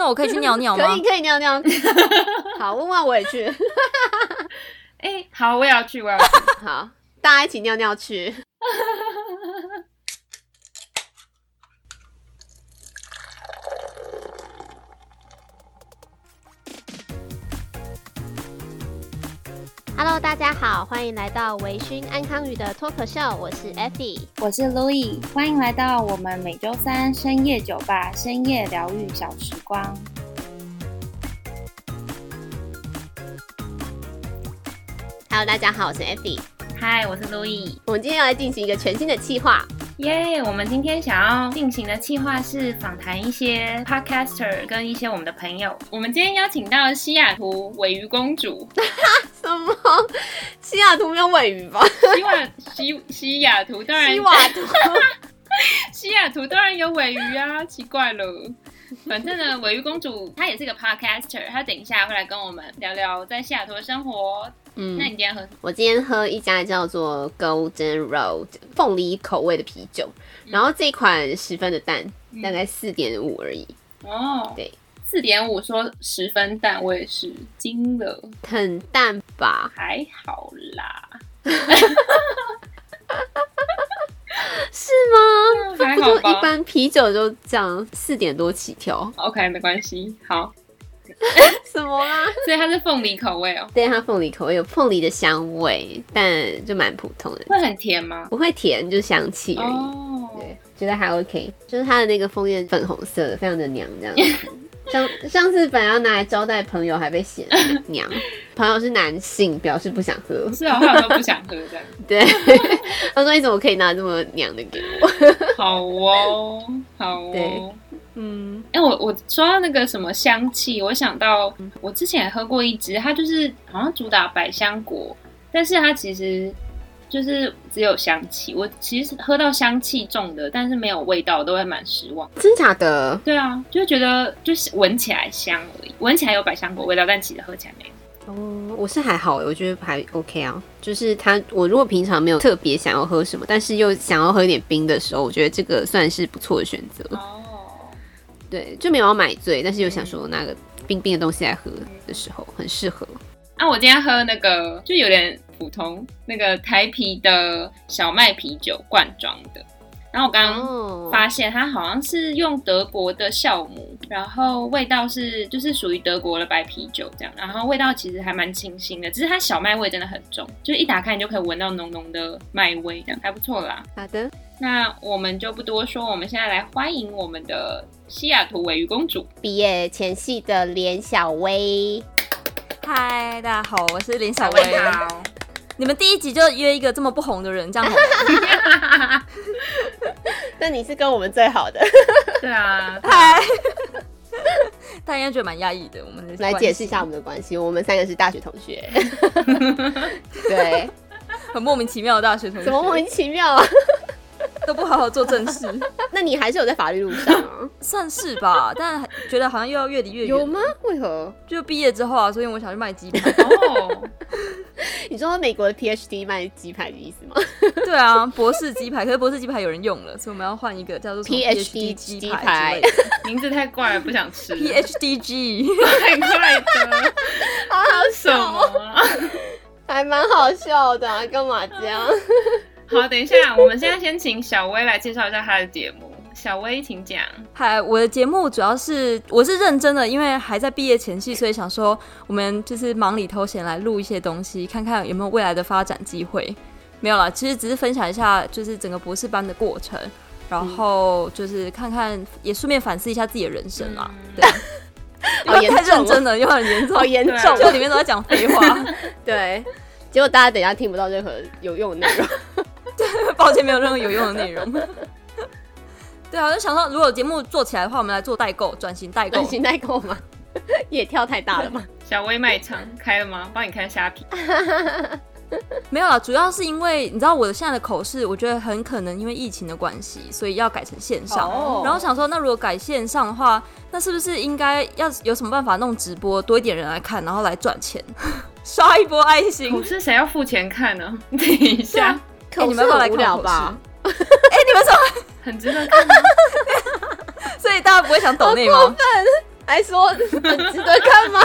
那我可以去尿尿嗎？ 可以，可以尿尿。 好，問完我也去。哎、 欸，好，我也要去，我也要去。 好，大家一起尿尿去。大家好，歡迎來到微醺鮟鱇魚的脫口秀，我是 Effy，我是 Louis，歡迎來到我們每周三深夜酒吧深夜療癒小時光。Hello，大家好，我是 Effy，Hi，我是 Louis，我們今天要來進行一個全新的企劃，耶、yeah,！我們今天想要進行的企劃是訪談一些 Podcaster 跟一些我們的朋友，我們今天邀請到西雅圖鮪魚公主。 什麼？西雅圖有鮪魚嗎？西瓦西西雅圖當然西瓦圖，西雅圖當然, 圖當然有鮪魚啊，奇怪了。反正呢，鮪魚公主她也是個 podcaster，她等一下會來跟我們聊聊在西雅圖的生活。嗯，那你今天喝？我今天喝一家叫做 Golden Road 鳳梨口味的啤酒，嗯、然後這款十分的淡，大概四點五而已。哦、嗯，對。四點五說十分淡，我也是驚了，很淡吧？還好啦， 是嗎？嗯、還好吧。一般啤酒就這樣，四點多起跳。OK，沒關係。好， 什麼啦？所以它是鳳梨口味哦、喔？對，它鳳梨口味有鳳梨的香味，但就蠻普通的。會很甜嗎？不會甜，就香氣而已。Oh. 對，覺得還 OK。就是它的那個楓葉粉紅色的，非常的娘這樣子。 上上次本來要拿來招待朋友，還被嫌娘。 朋友是男性，表示不想喝。不是啊，他說不想喝這樣。 對， 他說你怎麼可以拿這麼娘的給我？好哦， 好哦，嗯，哎、欸，我我說到那個什麼香氣，我想到我之前喝過一支，它就是好像主打百香果，但是它其實。就是只有香氣，我其實喝到香氣重的，但是沒有味道，都會蠻失望。真假的？對啊，就覺得就是聞起來香而已，聞起來有百香果味道，但其實喝起來沒有。哦，我是還好，我覺得還 OK 啊。就是它，我如果平常沒有特別想要喝什麼，但是又想要喝一點冰的時候，我覺得這個算是不錯的選擇。哦。對，就沒有要買醉，但是又想說那個冰冰的東西來喝的時候，很適合。嗯嗯。啊，我今天喝那個就有點。普通那個台啤的小麥啤酒，罐裝的，然後我剛剛發現它好像是用德國的酵母，然後味道是就是屬於德國的白啤酒這樣，然後味道其實還蠻清新的，只是它小麥味真的很重，就是一打開你就可以聞到濃濃的麥味，這樣還不錯啦。好的，那我們就不多說，我們現在來歡迎我們的西雅圖鮪魚公主畢業前夕的連曉薇。嗨，大家好，我是連曉薇。 你們第一集就約一個這麼不紅的人，這樣。 Yeah . 那你是跟我們最好的？ 對啊，他 他應該覺得蠻壓抑的。我們來解釋一下我們的關係：我們三個是大學同學， 對， 很莫名其妙的大學同學，怎麼莫名其妙啊？ 都不好好做正事， 那你還是有在法律路上，啊， 算是吧？但覺得好像又要越離越遠。有嗎？為何？就畢業之後啊，所以我想去賣雞排。哦， 你知道美國的 PhD 賣雞排的意思嗎？ 對啊，博士雞排。可是博士雞排有人用了，所以我們要換一個叫做 PhD 雞排， 名字太怪了，不想吃了。PhDg 太怪了， 還有什麼？啊？ 還蠻好笑的，啊，幹嘛這樣？ 好，等一下，我們現在先請曉薇來介紹一下她的節目。曉薇，請講。嗨，我的節目主要是我是認真的，因為還在畢業前夕，所以想說我們就是忙裡偷閒來錄一些東西，看看有沒有未來的發展機會。沒有啦，其實只是分享一下，就是整個博士班的過程，然後就是看看，也順便反思一下自己的人生嘛、嗯。對、 啊，太認真了，又很嚴重，好嚴重，就、啊、裡面都在講廢話。 對，結果大家等一下聽不到任何有用的內容。 抱歉，沒有任何有用的內容。 對啊，我就想說，如果節目做起來的話，我們來做代購，轉型代購，轉型代購嘛？ 也跳太大了嗎？小微賣場開了嗎？幫你開蝦皮。 沒有啊，主要是因為你知道我的現在的口試，我覺得很可能因為疫情的關係，所以要改成線上。Oh. 然後想說，那如果改線上的話，那是不是應該要有什麼辦法弄直播，多一點人來看，然後來賺錢， 刷一波愛心？口試誰要付錢看呢、啊？等一下。哎、欸欸，你們過來看口試吧，哎，你們說很值得看，所以大家不會想斗內嗎？好過分。 還說很值得看嗎？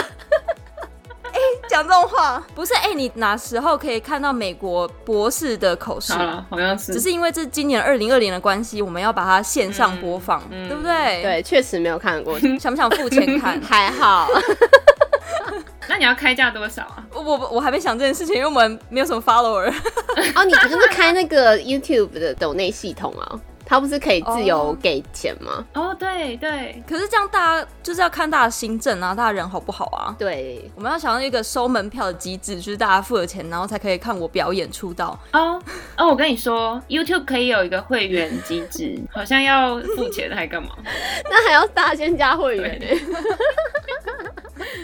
哎、 欸，講這種話不是？哎、欸，你哪時候可以看到美國博士的口試？好，好像是只是因為這今年二零二零的關係，我們要把它線上播放，嗯、對不對？對，確實沒有看過，想不想付錢看？ 還好。 那你要開價多少啊？我我我還沒想這件事情，因為我們沒有什麼 follower。 哦，你可不是開那個 YouTube 的抖內系統啊？它不是可以自由給錢嗎？哦、oh. oh,，對對。可是這樣大家就是要看大家心正啊，大家人好不好啊？對，我們要想一個收門票的機制，就是大家付了錢，然後才可以看我表演出道。哦哦，我跟你說，YouTube 可以有一個會員機制， 好像要付錢還幹嘛？ 那還要大家先加會員，對對對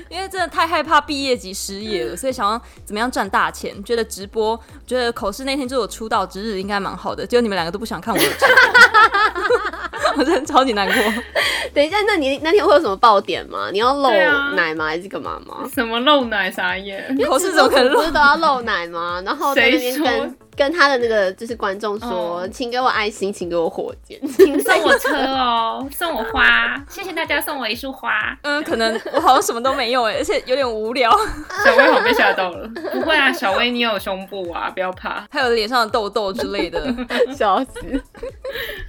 因為真的太害怕畢業即失業了，所以想要怎麼樣賺大錢？覺得直播，覺得口試那天就是我出道之日，應該蠻好的。結果你們兩個都不想看我的， 我真的超級難過。等一下，那你那天會有什麼爆點嗎？你要露奶嗎？啊、還是幹嘛嗎？什麼露奶啥耶？口試怎麼可能不是都要露奶嗎？然後誰跟他的那個就是觀眾說、嗯，請給我愛心，請給我火箭，請、嗯、 送我車哦，送我花，謝謝大家送我一束花。嗯，可能我好像什麼都沒有哎， 而且有點無聊。小薇好像被嚇到了， 不會啊，小薇你有胸部啊，不要怕，還有臉上的痘痘之類的小笑死，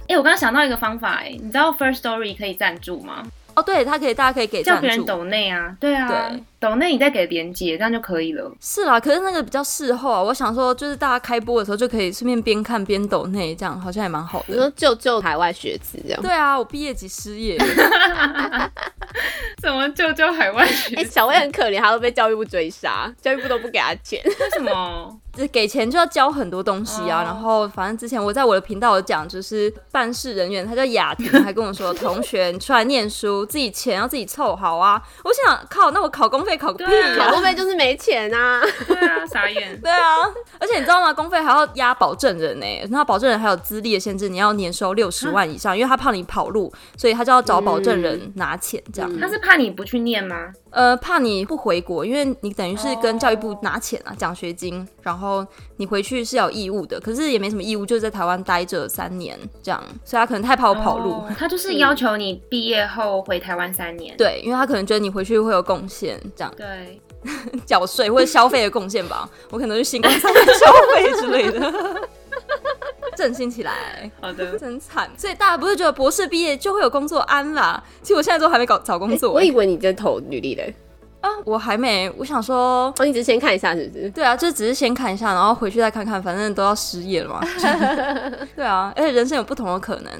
哎，我剛剛想到一個方法哎，你知道 First Story 可以贊助嗎？哦，對，他可以，大家可以給叫別人抖內啊，對啊，對抖內你再給連接這樣就可以了。是啦、啊，可是那個比較事後啊，我想說，就是大家開播的時候就可以順便邊看邊抖內，這樣好像還蠻好的。比如說救救海外學子這樣。對啊，我畢業即失業。怎 麼救救海外學子？哎、欸，小薇很可憐，她都被教育部追殺，教育部都不給她錢。為什麼？ 給錢就要交很多東西啊，oh. 然後反正之前我在我的頻道有講，就是辦事人員他叫雅婷， 還跟我說同學出來念書自己錢要自己湊好啊。我想靠，那我考公費考個屁，考公費就是沒錢啊。對啊，傻眼。 對啊，而且你知道嗎？公費還要押保證人呢、欸，那保證人還有資歷的限制，你要年收六十萬以上，因為他怕你跑路，所以他就要找保證人拿錢這樣。他是怕你不去念嗎？呃，怕你不回國，因為你等於是跟教育部拿錢啊，獎、oh. 學金，然後。然後你回去是有義務的，可是也沒什麼義務，就是在台灣待着三年這樣，所以他可能太怕我跑路、哦。他就是要求你畢業後回台灣三年， 對，因為他可能覺得你回去會有貢獻，這樣，對， 繳稅或者消費的貢獻吧。 我可能是辛苦消費之類的， 振興起來。好的，真慘。所以大家不是覺得博士畢業就會有工作安啦？其實我現在都還沒搞找工作、欸欸，我以為你在投履歷嘞。啊，我還沒，我想說，我一直先看一下是不是，對啊，就只是先看一下，然後回去再看看，反正都要失業了嘛。 對啊，而且人生有不同的可能，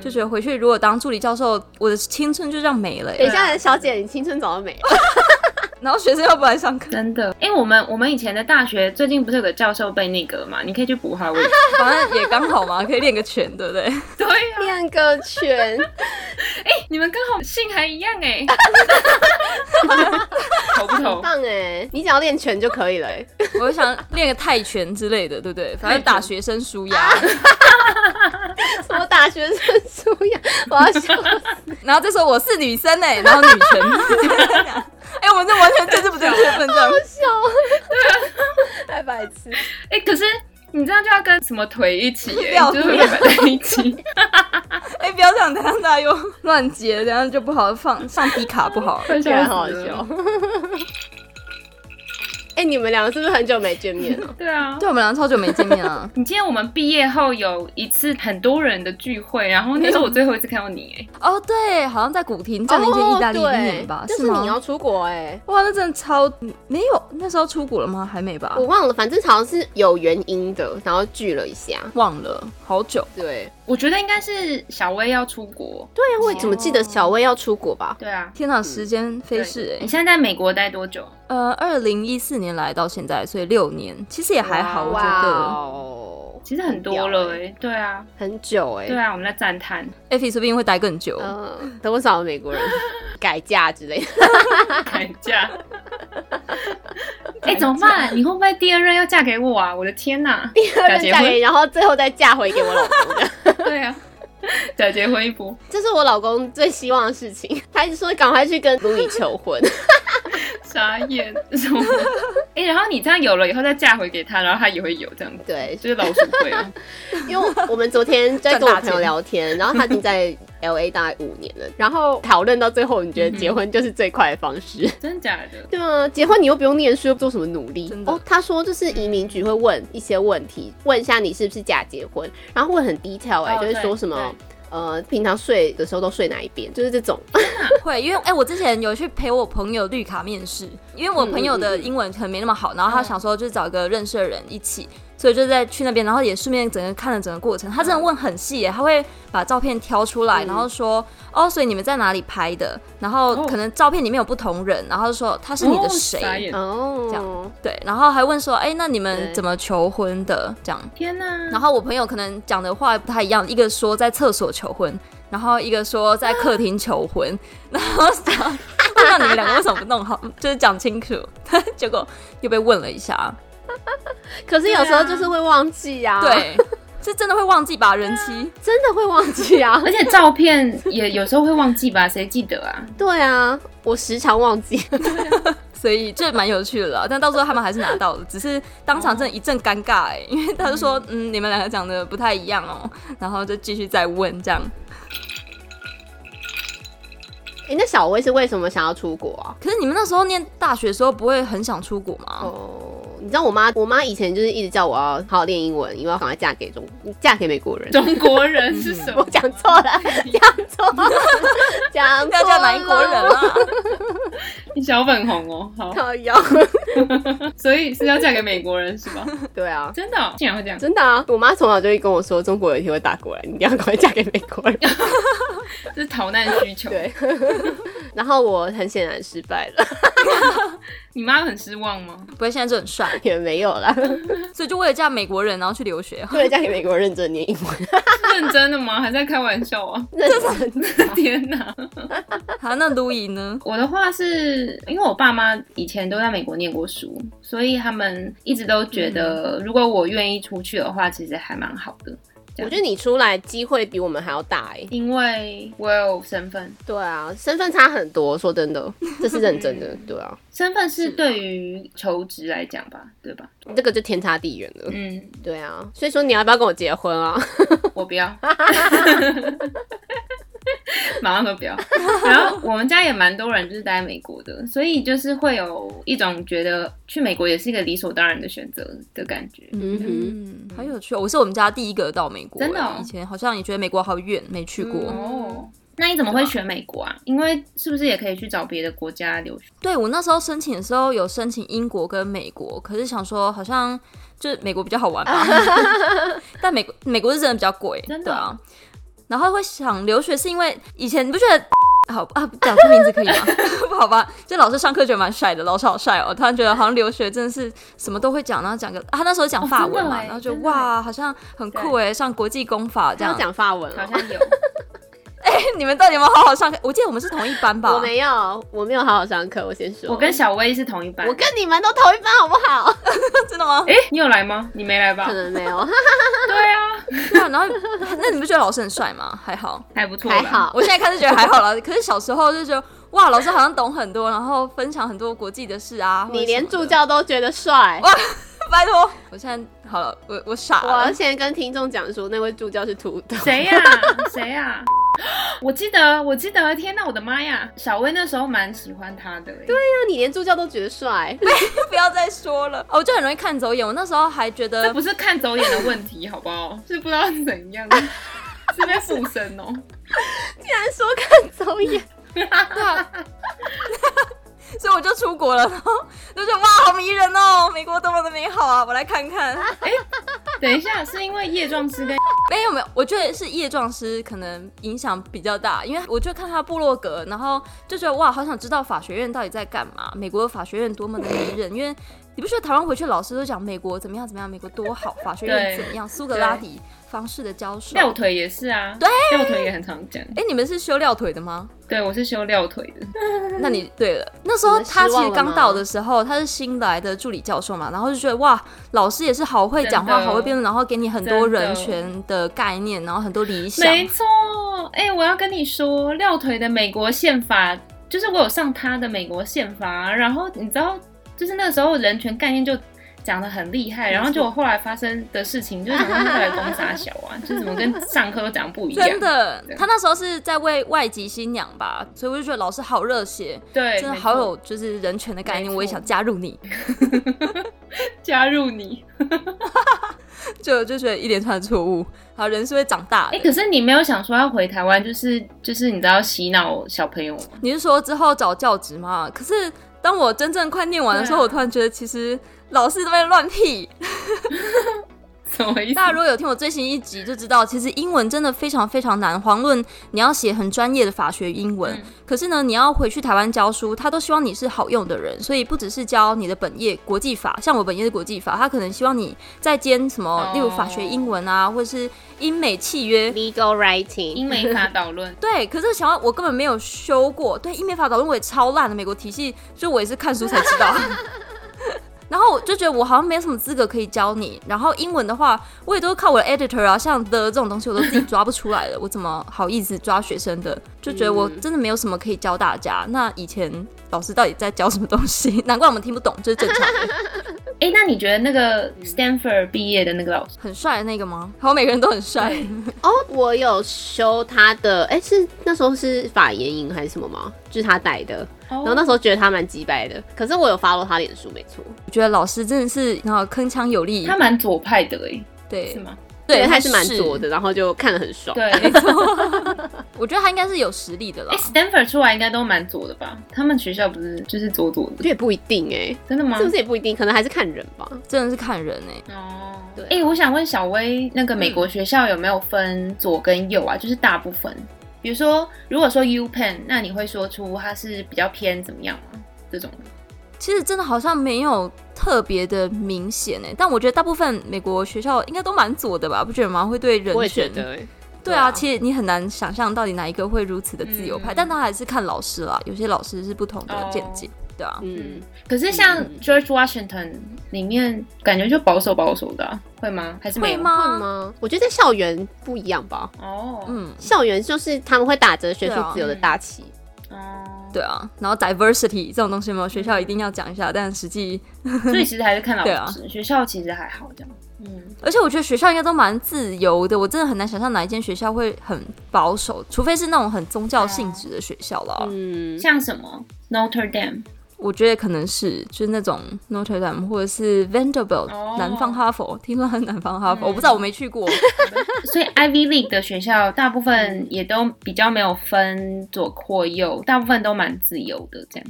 就覺得回去如果當助理教授，我的青春就這樣沒了。等一下，小姐，你青春早就沒了。 然後學生又不來上課，真的？因、欸、為我們我們以前的大學最近不是有個教授被那個嘛？你可以去補他，我 反正也剛好嘛，可以練個拳，對不對？對呀、啊，練個拳。哎、 欸，你們剛好姓還一樣哎、欸， 好不同。棒哎、欸，你只要練拳就可以了哎、欸。我想練個泰拳之類的，對不對？反正打學生舒壓。什 麼打學生舒壓？我要笑死。 然後就說我是女生哎、欸，然後女拳 哎、欸，我們這完全真是不對，這樣 好、喔啊、笑，對，太白痴。哎，可是你這樣就要跟什麼腿一起 不要，就是腿一起。哎、 欸，不要這樣，這樣子又亂接，這樣就不好放，上皮卡不好，而且很好笑。， 你們兩個是不是很久沒見面了、啊？ 對啊，對我們兩個超久沒見面了、啊。 你記得我們畢業後有一次很多人的聚會，然後那是我最後一次看到你哎。哦，oh, 對，好像在古亭的一間意大利麵吧、oh,？但是你要出國哎、欸！哇，那真的超沒有，那時候出國了嗎？還沒吧？我忘了，反正好像是有原因的，然後聚了一下，忘了好久。對。我覺得應該是曉薇要出國。對呀，我怎麼記得曉薇要出國吧？對啊，天哪，嗯、時間飛逝哎！你現在在美國待多久？呃，二零一四年來到現在，所以六年，其實也還好，wow, 我覺得。Wow. 其實很多了哎、欸，對啊，很久哎、欸，對啊，我們在讚嘆，Effie 說不定會待更久，嗯，等不少了美國人 改嫁之類的， 改嫁，哎、 欸，怎麼辦？你會不會第二任要嫁給我啊？我的天哪、啊，第二任嫁給，然後最後再嫁回給我老公的， 對啊，假結婚一波，這是我老公最希望的事情，他一直說趕快去跟 Louis 求婚。 傻眼什麼，哎、欸，然後你這樣有了以後再嫁回給他，然後他也會有這樣子，對，就是老鼠會。啊、因為我們昨天在跟我朋友聊天，然後他已經在 L A 大概五年了，然後討論到最後，你覺得結婚就是最快的方式，嗯、真的假的？ 對嗎？結婚你又不用念書，又不做什麼努力？哦。Oh, 他說就是移民局會問一些問題，問一下你是不是假結婚，然後會很 detail 哎，oh, 就是說什麼。對對對呃，平常睡的時候都睡哪一邊？就是這種 對，會因為哎、欸，我之前有去陪我朋友綠卡面試，因為我朋友的英文可能沒那麼好，然後他想說就是找一個認識的人一起。所以就在去那邊，然後也順便整個看了整個過程。他真的問很細、欸，他會把照片挑出來，嗯、然後說哦，所以你們在哪裡拍的？然後可能照片裡面有不同人，然後就說他是你的誰？哦，這樣對。然後還問說，哎、欸，那你們怎麼求婚的？這樣。天哪！然後我朋友可能講的話不太一樣，一個說在廁所求婚，然後一個說在客廳求婚，啊、然後想不知道你們兩個為什麼不弄好？就是講清楚。 結果又被問了一下。可是有時候就是會忘記呀、啊，對，啊、 對，是真的會忘記吧？啊、人妻真的會忘記啊，而且照片也有時候會忘記吧？誰記得啊？ 對啊，我時常忘記，啊、 所以這蠻有趣的啦。但到時候他們還是拿到了，只是當場真的一陣尷尬哎、欸，因為他就說嗯：“嗯，你們兩個講的不太一樣哦、喔。”然後就繼續再問這樣。人家、欸、小薇是為什麼想要出國啊？可是你們那時候唸大學的時候不會很想出國嗎？哦。你知道我媽？我媽以前就是一直叫我要好好練英文，因為我要趕快嫁給中，嫁給美國人。中國人是什麼？講 錯、嗯、了，講錯，講 錯，哪國人啊？ 你小粉紅哦，好， 所以是要嫁給美國人是吧？對啊，真的、哦，竟然會這樣，真的啊！我媽從小就會跟我說，中國有一天會打過來，你一定要趕快嫁給美國人， 這是逃難需求。對。 然後我很顯然失敗了， 你媽很失望嗎？不會，現在就很帥，也沒有啦。 所以就為了嫁美國人，然後去留學， 為了嫁給美國人認真念英文， 認真的嗎？還在開玩笑啊？認真的， 天哪！ 好，那 Louis 呢？我的話是因為我爸媽以前都在美國念過書，所以他們一直都覺得，如果我願意出去的話，其實還蠻好的。我覺得你出來機會比我們還要大哎、欸，因為我有身份。對啊，身份差很多，說真的，這是認真的。 對啊，身份是對於求職來講吧、啊，對吧？這個就天差地遠了。嗯，對啊，所以說你要不要跟我結婚啊？我不要。 馬上都不要。然後 我們家也蠻多人就是待在美國的，所以就是會有一種覺得去美國也是一個理所當然的選擇的感覺。嗯嗯好有趣、喔。我是我們家第一個到美國、欸，真的、喔。以前好像也覺得美國好遠，沒去過。哦、嗯，那你怎麼會選美國啊，啊？因為是不是也可以去找別的國家留學？對我那時候申請的時候有申請英國跟美國，可是想說好像就美國比較好玩吧。 但美美國是真的比較貴，真的啊。然後會想留學，是因為以前你不覺得好啊？講出名字可以嗎？ 不好吧，這老師上課覺得蠻帥的，老師好帥哦！突然覺得好像留學真的是什麼都會講，然後講個、啊、他那時候講法文嘛，哦、然後就哇，好像很酷耶，上國際公法這樣講法文，好像有。 哎、欸，你們到底有沒有好好上課？我記得我們是同一班吧？我沒有，我沒有好好上課。我先說，我跟曉薇是同一班。我跟你們都同一班，好不好？ 真的嗎？哎、欸，你有來嗎？你沒來吧？可能沒有。 對啊，對啊。然後，那你們不覺得老師很帥嗎？還好，還不錯。還好，我現在開始覺得還好了。可是小時候就覺得哇，老師好像懂很多，然後分享很多國際的事啊。你連助教都覺得帥哇？拜託，我現在好了，我我傻了。我先跟聽眾講說，那位助教是土豆，誰呀、啊？誰呀、啊？我記得，我記得，天哪！我的媽呀，曉薇那時候蠻喜歡他的、欸。對呀、啊，你連助教都覺得帥、欸，不要再說了、哦。我就很容易看走眼，我那時候還覺得，這不是看走眼的問題，好不好？ 是不知道怎樣， 是被附身哦、喔。竟然說看走眼， 所以我就出國了，然後就覺得哇，好迷人哦，美國多麼的美好啊！我來看看。哎、 欸，等一下，是因為葉狀師？沒、欸、有沒有，我覺得是葉狀師可能影響比較大，因為我就看他部落格，然後就覺得哇，好想知道法學院到底在幹嘛，美國的法學院多麼的迷人，因為。你不覺得台灣回去老師都講美國怎麼樣怎麼樣，美國多好，法學院怎麼樣？蘇格拉底方式的教授撂腿也是啊，對，撂腿也很常見。誒、欸，你們是修撂腿的嗎？對，我是修撂腿的。那你對了，那時候他其實剛到的時候，他是新來的助理教授嘛，然後就覺得哇，老師也是好會講話，好會辯論，然後給你很多人權的概念，然後很多理想。沒錯，誒、欸，我要跟你說，撂腿的美國憲法，就是我有上他的美國憲法，然後你知道。就是那時候人權概念就講得很厲害，然後就我後來發生的事情，就怎麼後來東沙小啊？ 就怎麼跟上課都講不一樣。真的，他那時候是在為外籍新娘吧，所以我就覺得老師好熱血，對，真的好有就是人權的概念，我也想加入你， 加入你， 就就覺得一連串的錯誤。好人是會長大的，哎、欸，可是你沒有想說要回台灣，就是就是你知道洗腦小朋友嗎？你是說之後找教職嗎？可是，當我真正快念完的時候，對啊，我突然覺得，其實老師都在亂屁。 大家如果有聽我最新一集，就知道、嗯、其實英文真的非常非常難。遑論你要寫很專業的法學英文，嗯，可是呢，你要回去台灣教書，他都希望你是好用的人。所以不只是教你的本業國際法，像我本業是國際法，他可能希望你在兼什麼，哦、例如法學英文啊，或者是英美契約、Legal Writing、英美法導論。 對，可是小貓我根本沒有修過，對，英美法導論我也超爛的，美國體系，所以我也是看書才知道。 然後我就覺得我好像沒有什麼資格可以教你。然後英文的話，我也都是靠我的 editor 啊，像 the 這種東西我都自己抓不出來了， 我怎麼好意思抓學生的？就覺得我真的沒有什麼可以教大家。嗯、那以前老師到底在教什麼東西？難怪我們聽不懂，這、就是正常的。哎， 那你覺得那個 Stanford 畢業的那個老師很帥的那個嗎？好像每個人都很帥。 哦，我有修他的，哎，是那時候是法言英還是什麼嗎？就是他帶的。然後那時候覺得他蠻雞掰的，可是我有 follow 他臉書，沒錯，我覺得老師真的是然後鏗鏘有力，他蠻左派的哎，對是嗎？對，他還是蠻左的，然後就看得很爽。對，沒錯 我覺得他應該是有實力的了。哎，Stanford 出來應該都蠻左的吧？他們學校不是就是左左的？就也不一定哎，真的嗎？是不是也不一定？可能還是看人吧，真的是看人哎。哦，對，哎，我想問小薇，那個美國學校，嗯、有沒有分左跟右啊？就是大部分。比如說，如果說 UPenn，那你會說出它是比較偏怎麼樣嗎？這種，其實真的好像沒有特別的明顯哎、欸，但我覺得大部分美國學校應該都蠻左的吧，不覺得嗎？會對人權。我會、欸、對，啊對啊，其實你很難想象到底哪一個會如此的自由派、嗯，但他還是看老師啦，有些老師是不同的見解。Oh. 對啊，嗯，可是像 George Washington 裡面、嗯、感覺就保守保守的，會嗎？還是會嗎，會嗎？我覺得在校園不一樣吧。哦、oh.，嗯，校園就是他們會打着學術自由的大旗。哦、啊，嗯 oh. 對啊，然後 diversity 這種東西，嘛，學校一定要講一下，嗯、但實際 所以其實還是看老師、啊。學校其實還好這樣。嗯，而且我覺得學校應該都蠻自由的，我真的很難想象哪一間學校會很保守，除非是那種很宗教性質的學校了、啊。嗯，像什麼 Notre Dame 我覺得可能是就是那種 Notre Dame 或者是 Vanderbilt，oh. 南方哈佛，聽說很南方哈佛，嗯，我不知道，我沒去過。 所以 Ivy League 的學校大部分也都比較沒有分左或右，大部分都蠻自由的，這樣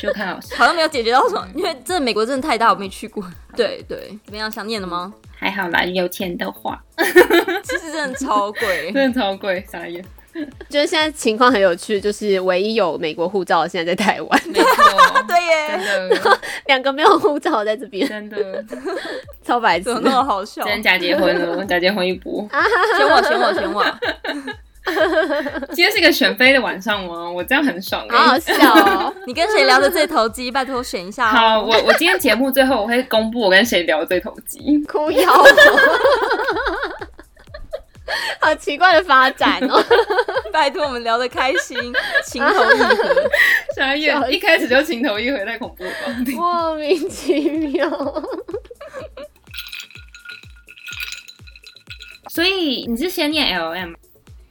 就看老師。 好像沒有解決到什麼，因為這美國真的太大，我沒去過。對對，怎麼樣，想念了嗎？還好啦，有錢的話， 其實真的超貴， 真的超貴，啥意思？就是現在情況很有趣，就是唯一有美國護照，現在在台灣。 對耶，真的。兩個沒有護照在這邊，真的 超白痴。怎麼那麼好笑，今天假結婚了， 假結婚一波。選、啊、我，選我，選我。 今天是一個選妃的晚上嗎？我這樣很爽，很好，好笑、哦。 你跟誰聊的最投機？拜託選一下、啊。好，我我今天節目最後我會公布我跟誰聊的最投機。哭腰笑。好奇怪的發展哦、喔！ 拜託，我們聊得開心， 情投意合。曉薇一開始就情投意合， 太恐怖了吧，莫名其妙。所以你是先念 L M，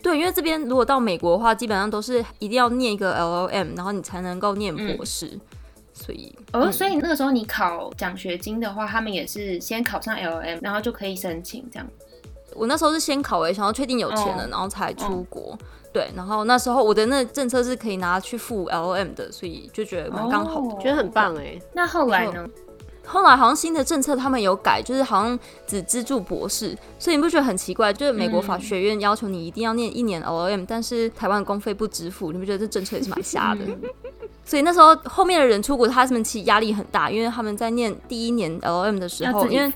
對，因為這邊如果到美國的話，基本上都是一定要念一個 L M，然後你才能夠念博士。嗯、所以、嗯、哦，所以那個時候你考獎學金的話，他們也是先考上 L M，然後就可以申請這樣。我那時候是先考誒、欸，想要確定有錢了，oh. 然後才出國。Oh. 對，然後那時候我的那個政策是可以拿去付 L M 的，所以就覺得蠻剛好的，覺得很棒誒。那後來呢？後來好像新的政策他們有改，就是好像只資助博士，所以你不覺得很奇怪？就是美國法學院要求你一定要念一年 L M，、嗯、但是台灣公費不支付，你不覺得這政策也是蠻瞎的？ 所以那時候後面的人出國他們其實壓力很大，因為他們在念第一年 L M 的時候，因為。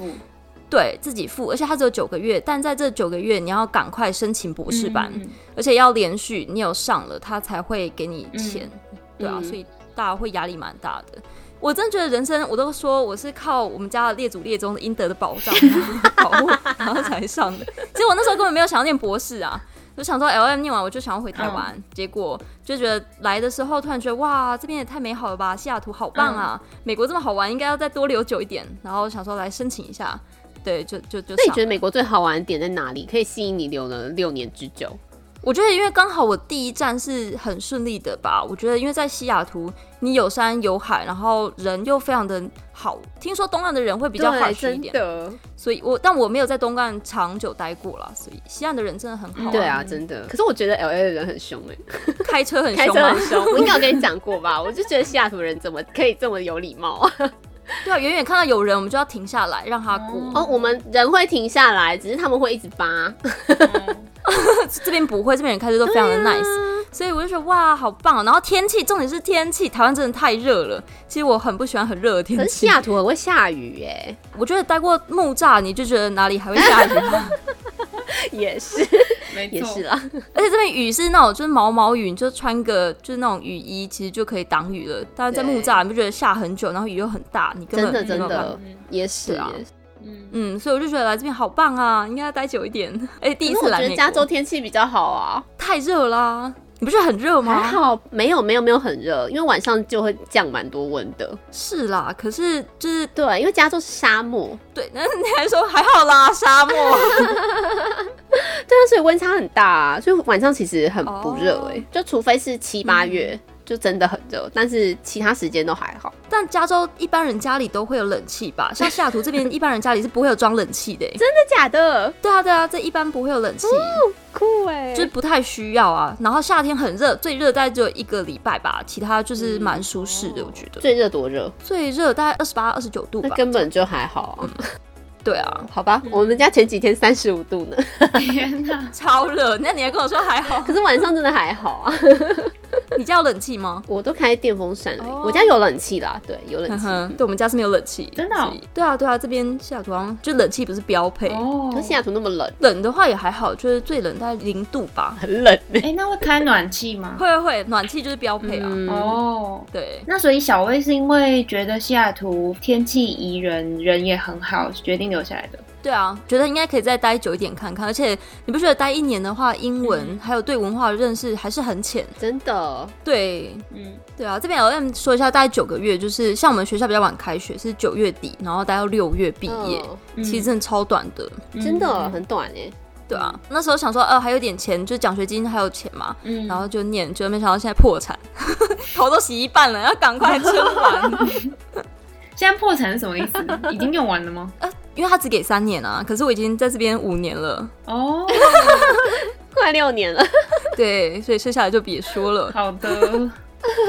對自己付，而且他只有九個月，但在這九個月，你要趕快申請博士班，嗯嗯、而且要連續你有上了，他才會給你錢，嗯、對啊、嗯，所以大家會壓力蠻大的。我真的覺得人生，我都說我是靠我們家的列祖列宗應得的保障， 然後才上的。其實我那時候根本沒有想要念博士啊，我想說 L M 念完我就想要回台灣，嗯，結果就覺得來的時候突然覺得哇，這邊也太美好了吧，西雅圖好棒啊，嗯，美國這麼好玩，應該要再多留久一點。然後想說來申請一下。對，就就就。那你覺得美國最好玩的點在哪裡？可以吸引你留了六年之久？我覺得，因為剛好我第一站是很順利的吧。我覺得，因為在西雅圖，你有山有海，然後人又非常的好。聽說東岸的人會比較壞心一點，真的，所以我，但我沒有在東岸長久待過啦。所以西岸的人真的很好、嗯，對啊，真的。嗯、可是我覺得 L A 的人很凶哎、欸， 開車很凶，很凶。我應該有跟你講過吧？ 我就覺得西雅圖人怎麼可以這麼有禮貌 對啊，遠遠看到有人，我們就要停下來讓他過、嗯。哦，我們人會停下來，只是他們會一直扒。嗯、 這邊不會，這邊人開車都非常的 nice，、哎、所以我就覺得，哇，好棒、哦。然後天氣，重點是天氣，台灣真的太熱了。其實我很不喜歡很熱的天氣。可是西圖很會下雨哎， 我覺得待過木柵，你就覺得哪裡還會下雨嗎？也是。也是啦， 而且這邊雨是那種就是毛毛雨，你就穿個就是那種雨衣，其實就可以擋雨了。但是在木柵，你不覺得下很久，然後雨又很大，你根本真的真的有有也是啊嗯嗯，嗯所以我就覺得來這邊好棒啊，應該要待久一點。哎、 欸，第一次來美國，我覺得加州天氣比較好啊，太熱啦。你不是很熱嗎？還好，沒有沒有沒有很熱，因為晚上就會降蠻多溫的。是啦，可是就是對，因為加州是沙漠，對，那你還說還好啦，沙漠， 對啊，所以溫差很大啊，所以晚上其實很不熱哎、欸，oh. 就除非是七八月。嗯就真的很熱，但是其他時間都還好。但加州一般人家裡都會有冷氣吧？像西雅圖這邊一般人家裡是不會有裝冷氣的、欸， 真的假的？對啊對啊，這一般不會有冷氣、哦，酷誒、欸、就是不太需要啊。然後夏天很熱，最熱大概就一個禮拜吧，其他就是蠻舒適的，我覺得。最熱多熱？最熱大概二十八、二十九度吧，那根本就還好、啊。 嗯對啊，好吧，嗯，我們家前幾天三十五度呢， 天哪，超熱！那你還跟我說還好？ 可是晚上真的還好啊。 你家有冷氣嗎？我都開電風扇。Oh. 我家有冷氣啦，對，有冷氣。Uh -huh. 對，我們家是沒有冷氣，真的，哦。對啊，對啊，這邊西雅圖好像就冷氣不是標配哦。那，oh. 西雅圖那麼冷，冷的話也還好，就是最冷大概零度吧，很冷，欸。哎，欸，那會開暖氣嗎？ 會會會，暖氣就是標配啊。哦，嗯，oh. 對。那所以曉薇是因為覺得西雅圖天氣宜人，人也很好，決定的。留下來的，對啊，覺得應該可以再待久一點看看，而且你不覺得待一年的話，英文還有對文化的認識還是很淺，真、嗯、的，對，嗯，對啊，這邊我跟你說一下，待九個月，就是像我們學校比較晚開學是九月底，然後待到六月畢業、哦，其實真的超短的，嗯、真的、哦、很短哎，對啊，那時候想說呃還有點錢，就是獎學金還有錢嘛，嗯，然後就念，結果沒想到現在破產， 頭都洗一半了，要趕快吃完。 現在破產是什麼意思？已經用完了嗎？ 啊、因為他只給三年啊，可是我已經在這邊五年了哦，快六年了，對，所以剩下來就別說了。好的，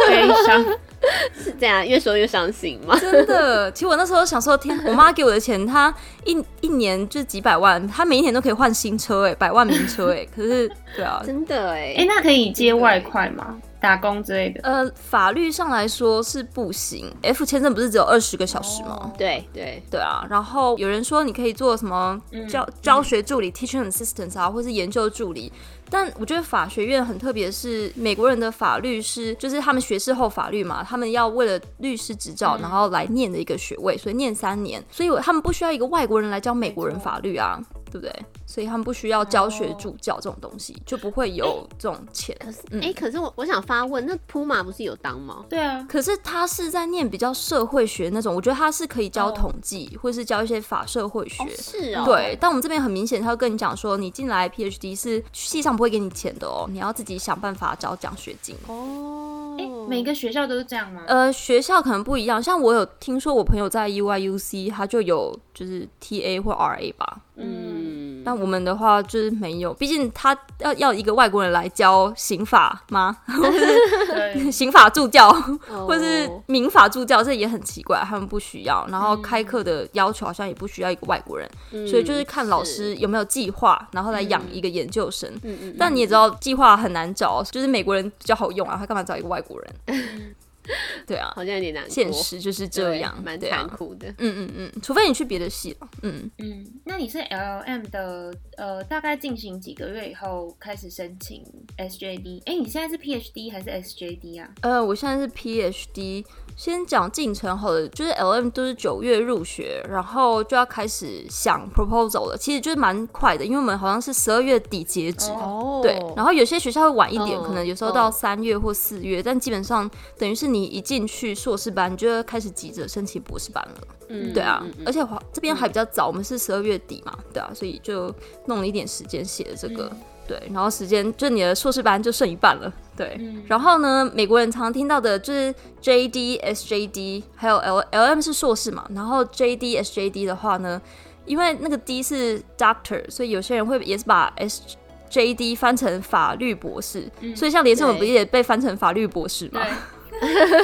悲傷 是這樣，越說越傷心嘛？ 真的，其實我那時候想說，天，我媽給我的錢，她一一年就是幾百萬，她每一年都可以換新車哎、欸，百萬名車哎、欸，可是對啊，真的哎、欸，哎、欸，那可以接外快嗎？打工之類的，呃，法律上來說是不行。F 簽證不是只有二十個小時嗎？Oh, 對對對啊。然後有人說你可以做什麼教、嗯、教學助理、嗯、（teaching assistant） 啊，或是研究助理，但我覺得法學院很特別是，是美國人的法律是就是他們學士後法律嘛，他們要為了律師執照、嗯，然後來念的一個學位，所以念三年，所以他們不需要一個外國人來教美國人法律啊。嗯對不對？所以他們不需要教學助教這種東西，哦，就不會有這種錢。欸、可是，哎、欸，可是我我想發問，那普馬不是有當嗎？對啊。可是他是在念比較社會學那種，我覺得他是可以教統計、哦，或是教一些法社會學。哦、是啊、哦。對，但我們這邊很明顯，他會跟你講說，你進來 PhD 是系上不會給你錢的哦，你要自己想辦法找獎學金哦。欸每個學校都是這樣嗎？呃，學校可能不一樣。像我有聽說，我朋友在 UIUC，他就有就是 TA 或 RA 吧。嗯，但我們的話就是沒有。畢竟他要要一個外國人來教刑法嗎？ 對 刑法助教，oh. 或是民法助教，這也很奇怪。他們不需要。然後開課的要求好像也不需要一個外國人，嗯、所以就是看老師有沒有計劃，然後來養一個研究生。嗯嗯。但你也知道，計劃很難找，就是美國人比較好用啊。他幹嘛找一個外國人？ 對啊，好像有點難過。現實就是這樣，蠻殘酷的、啊。嗯嗯嗯，除非你去別的系了。嗯嗯，那你是 L L M 的呃，大概進行幾個月以後開始申請 S J D？誒、欸，你現在是 P H D 還是 S J D 啊？呃，我現在是 P H D。先講進程後的就是 L M 都是九月入學，然後就要開始想 proposal 了，其實就是蠻快的，因為我們好像是十二月底截止，oh. 對，然後有些學校會晚一點，oh. 可能有時候到三月或四月，oh. 但基本上等於是你一進去碩士班，你就要開始急着申請博士班了，嗯、mm -hmm.，對啊，mm -hmm. 而且這邊還比較早，mm -hmm. 我們是十二月底嘛，對啊，所以就弄了一點時間寫了這個。Mm -hmm. 對，然後時間就你的碩士班就剩一半了。對，嗯、然後呢，美國人常常聽到的就是 J D S J D，還有 L L M 是碩士嘛。然後 J D S J D 的話呢，因為那個 D 是 Doctor，所以有些人會也是把 S J D 翻成法律博士。嗯、所以像連勝文不也被翻成法律博士嗎？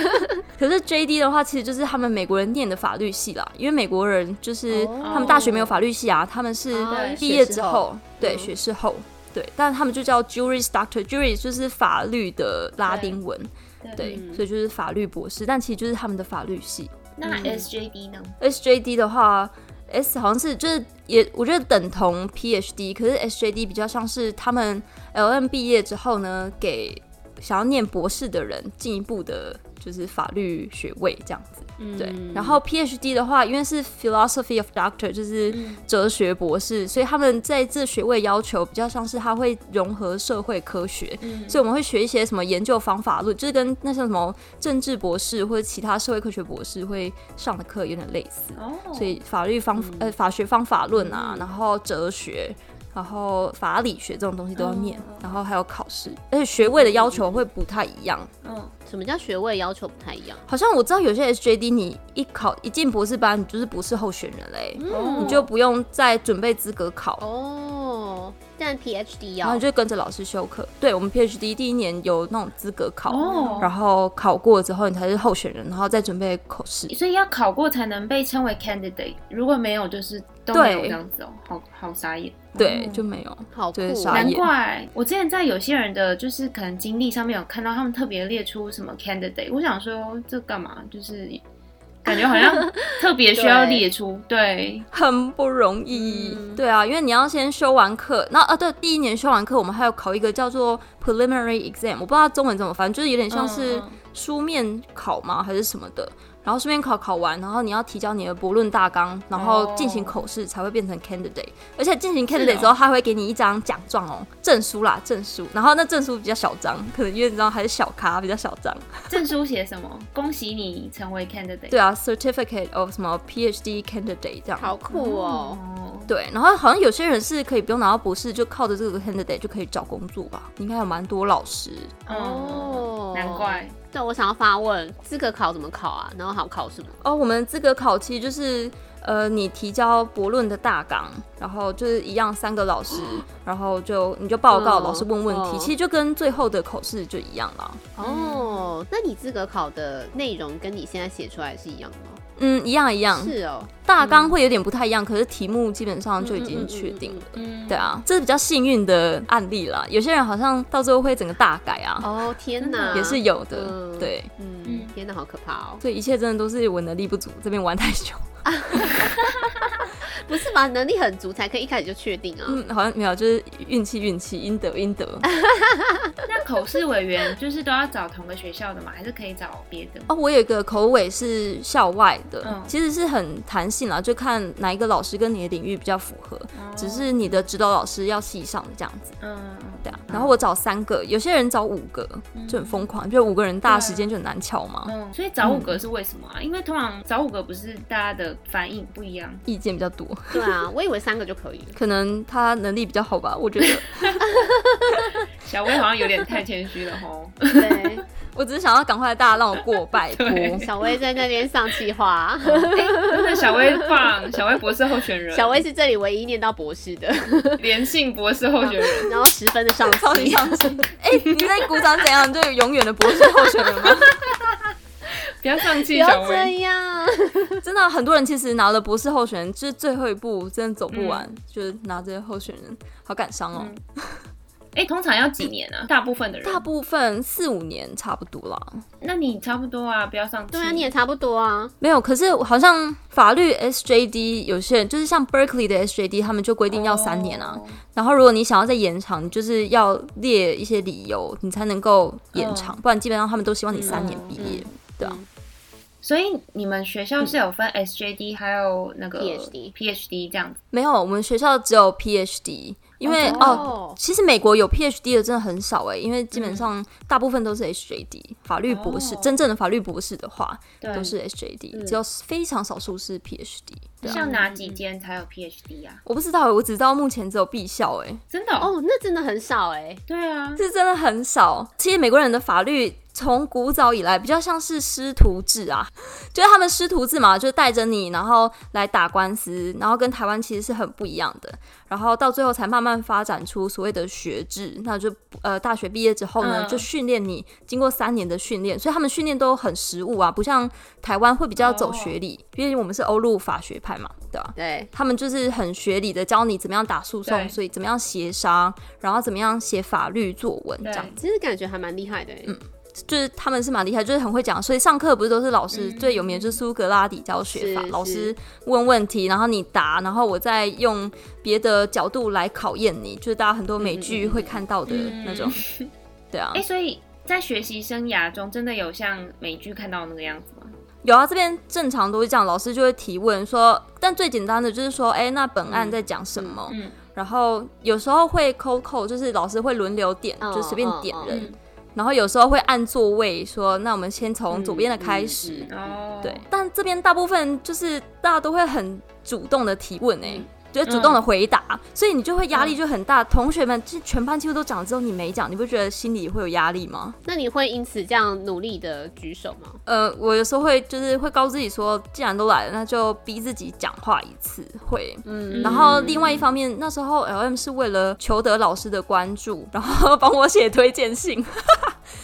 可是 J D 的話，其實就是他們美國人念的法律系啦。因為美國人就是他們大學沒有法律系啊，他們是畢業之後對，學士後。對，但他們就叫 Juris Doctor，Juris 就是法律的拉丁文，對，對，對，嗯，所以就是法律博士，但其實就是他們的法律系。那 SJD 呢？嗯、SJD 的話，S 好像是就是也，我覺得等同 PhD，可是 SJD 比較像是他們 LLM 畢業之後呢給，想要念博士的人，進一步的，就是法律學位這樣子。嗯、對，然後 PhD 的話，因為是 Philosophy of Doctor，就是哲學博士、嗯，所以他們在這學位要求比較像是他會融合社會科學，嗯、所以我們會學一些什麼研究方法論，就是跟那些什麼政治博士或者其他社會科學博士會上的課有點類似。哦，所以法律方、嗯、呃法學方法論啊、嗯，然後哲學。然後法理學這種東西都要念，哦，然後還有考試，而且學位的要求會不太一樣。嗯、哦，什麼叫學位要求不太一樣？好像我知道有些 SJD 你一考一進博士班，你就是博士候選人嘞，欸哦，你就不用再準備資格考哦。但 PhD 啊、喔，然後你就跟着老師修課。對我們 PhD 第一年有那種資格考，oh. 然後考過之後你才是候選人，然後再準備考試。所以要考過才能被稱為 candidate，如果沒有就是都沒有這樣子哦、喔，好好傻眼。對，嗯、就沒有，好酷，對傻眼，難怪我之前在有些人的就是可能經歷上面有看到，他們特別列出什麼 candidate，我想說這幹嘛？就是。 感覺好像特別需要列出，對，對很不容易、嗯。對啊，因為你要先修完課，那，啊，呃，對，第一年修完課，我們還要考一個叫做 preliminary exam，我不知道中文怎麼翻，就是有點像是書面考嗎，嗯、還是什麼的。然後順便考，考完，然後你要提交你的博論大綱，然後進行口試才會變成 candidate。Oh. 而且進行 candidate 之後、哦，他會給你一張獎狀哦，證書啦，證書。然後那證書比較小張，可能因為你知道還是小咖，比較小張。證書寫什麼？ 恭喜你成為 candidate。對啊，Certificate of 什麼 PhD candidate 這樣。好酷哦。嗯對，然後好像有些人是可以不用拿到博士，就靠着這個 candidate 就可以找工作吧？應該有蠻多老師哦，難怪。對，我想要發問，資格考怎麼考啊？然後好考什麼？哦，我們資格考其實就是呃，你提交博論的大綱，然後就是一樣三個老師，嗯、然後就你就報告、嗯，老師問問題、哦，其實就跟最後的考試就一樣了、嗯。哦，那你資格考的內容跟你現在寫出來是一樣的嗎？嗯，一樣一樣，是哦，大綱會有點不太一樣、嗯，可是題目基本上就已經確定了。嗯，嗯，嗯，嗯，嗯，嗯，嗯，對啊，這是比較幸運的案例啦。有些人好像到最後會整個大改啊。哦天哪、嗯，也是有的、嗯。對，嗯，天哪，好可怕哦。所以一切真的都是我能力不足，這邊玩太久。 不是嗎？能力很足才可以一開始就確定啊。嗯，好像沒有，就是運氣，運氣，應得，應得。 那口試委員就是都要找同個學校的嘛？還是可以找別的？哦，我有一個口委是校外的，嗯，其實是很彈性啦，就看哪一個老師跟你的領域比較符合，哦、只是你的指導老師要系上這樣子。嗯，對啊。然後我找三個，有些人找五個，就很瘋狂、嗯，就五個人大時間就很難喬嘛。嗯，所以找五個是為什麼啊、嗯？因為通常找五個不是大家的反應不一樣，就是、意見比較多。對啊，我以為三個就可以。 可能他能力比較好吧，我覺得。 曉薇好像有點太謙虛了吼。對， 我只是想要趕快大家讓我過拜，拜託。曉薇在那邊上氣話。 喔欸就是、曉薇放曉薇博士候選人。曉薇是這裡唯一念到博士的， 連姓博士候選人。然後十分的上，超級上進。哎、 欸，你在鼓掌怎樣？你就有永遠的博士候選人嗎？ 不要喪氣， 不要這樣， 真的、啊、很多人其實拿了博士候選人，就是最後一步真的走不完，嗯、就是拿着候選人，好感傷哦。哎、嗯欸，通常要幾年啊？ 大部分的人，大部分四五年差不多啦。那你差不多啊，不要喪氣。對啊，你也差不多啊。沒有，可是好像法律 SJD 有些人就是像 Berkeley 的 SJD，他們就規定要三年啊。Oh. 然後如果你想要再延長，就是要列一些理由，你才能夠延長，oh. 不然基本上他們都希望你三年畢業，oh. 對啊。對所以你們學校是有分 S J D 還有那個 P H D P H D 這樣子、嗯？沒有，我們學校只有 P H D，因為哦，哦，其實美國有 P H D 的真的很少哎，因為基本上大部分都是 S J D、嗯、法律博士、哦，真正的法律博士的話，哦、都是 S J D，只有非常少數是 P H D、嗯。像哪幾間才有 P H D 啊？我不知道哎，我只知道目前只有 B 校哎，真的哦，那真的很少哎，對啊，是真的很少。其實美國人的法律。從古早以來，比較像是師徒制啊，就是他們師徒制嘛，就帶着你，然後來打官司，然後跟台灣其實是很不一樣的。然後到最後才慢慢發展出所謂的學制，那就呃大學畢業之後呢，就訓練你、嗯，經過三年的訓練，所以他們訓練都很實務啊，不像台灣會比較走學理、哦，因為我們是歐陸法學派嘛，對吧？對，他們就是很學理的，教你怎麼樣打訴訟，所以怎麼樣協商，然後怎麼樣寫法律作文這樣。其實感覺還蠻厲害的、欸，嗯。就是他們是蠻厲害的，就是很會講，所以上課不是都是老師最有名的、嗯，就是蘇格拉底教學法，老師問問題，然後你答，然後我再用別的角度來考驗你，就是大家很多美劇會看到的那種，嗯嗯、對啊。哎、欸，所以在學習生涯中，真的有像美劇看到的那個樣子嗎？有啊，這邊正常都是這樣，老師就會提問說，但最簡單的就是說，哎、欸，那本案在講什麼、嗯嗯嗯？然後有時候會 cold call，就是老師會輪流點，哦、就隨便點人。哦哦哦然後有時候會按座位說，那我們先從左邊的開始、嗯嗯嗯。對，但這邊大部分就是大家都會很主動的提問誒、欸。就主動的回答，嗯、所以你就會壓力就很大。嗯、同學們，其實全班幾乎都講了，之後你沒講，你不覺得心裡會有壓力嗎？那你會因此這樣努力的舉手嗎？呃，我有時候會就是會告訴自己說，既然都來了，那就逼自己講話一次。會，嗯。然後另外一方面，那時候 L M 是為了求得老師的關注，然後幫我寫推薦信。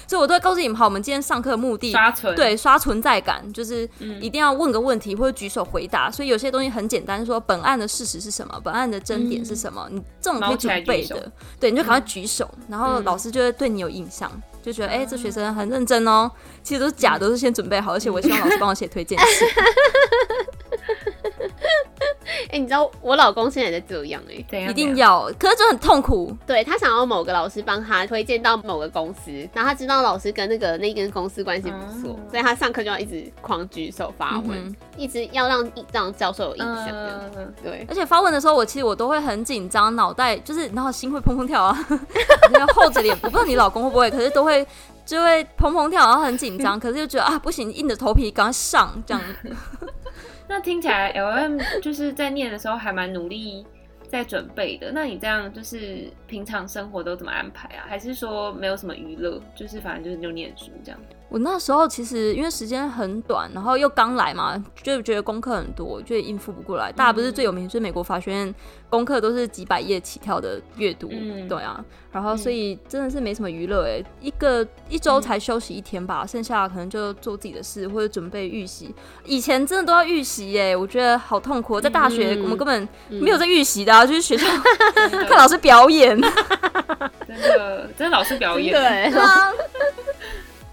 所以，我都會告訴你們，好，我們今天上課的目的刷存，對，刷存在感，就是一定要問個問題、嗯、或者舉手回答。所以，有些東西很簡單，就是、說本案的事實是什麼，本案的爭點是什麼、嗯，你這種可以準備的，對，你就趕快舉手、嗯，然後老師就會對你有印象，就覺得哎、嗯欸，這學生很認真哦。其實都是假的、嗯，都是先準備好，而且我希望老師幫我寫推薦信。嗯 哎、欸，你知道我老公現在也在這樣、欸？哎，一定要，可是就很痛苦。對，他想要某個老師幫他推薦到某個公司，然後他知道老師跟那個那間公司關係不錯、嗯，所以他上課就要一直狂舉手發問、嗯，一直要讓讓教授有印象、嗯。對，而且發問的時候，我其實我都會很緊張，腦袋就是然後心會砰砰跳啊， 要厚着臉。 不知道你老公會不會，可是都會就會砰砰跳，然後很緊張、嗯，可是就覺得啊不行，硬着頭皮趕快上這樣。 那聽起來，L M 就是在念的時候還蠻努力在準備的。那你這樣就是平常生活都怎麼安排啊？還是說沒有什麼娛樂，就是反正就是就念書這樣？我那時候其實因為時間很短，然後又剛來嘛，就覺得功課很多，就也應付不過來、嗯。大家不是最有名，所以美國法學院功課都是幾百頁起跳的閱讀、嗯，對啊，然後所以真的是沒什麼娛樂哎，一個一周才休息一天吧，嗯、剩下的可能就做自己的事或者準備預習。以前真的都要預習哎，我覺得好痛苦、喔。在大學我們根本沒有在預習的、啊嗯嗯，就是學校看老師表演，真的，真的，真的老師表演、欸、 對、啊。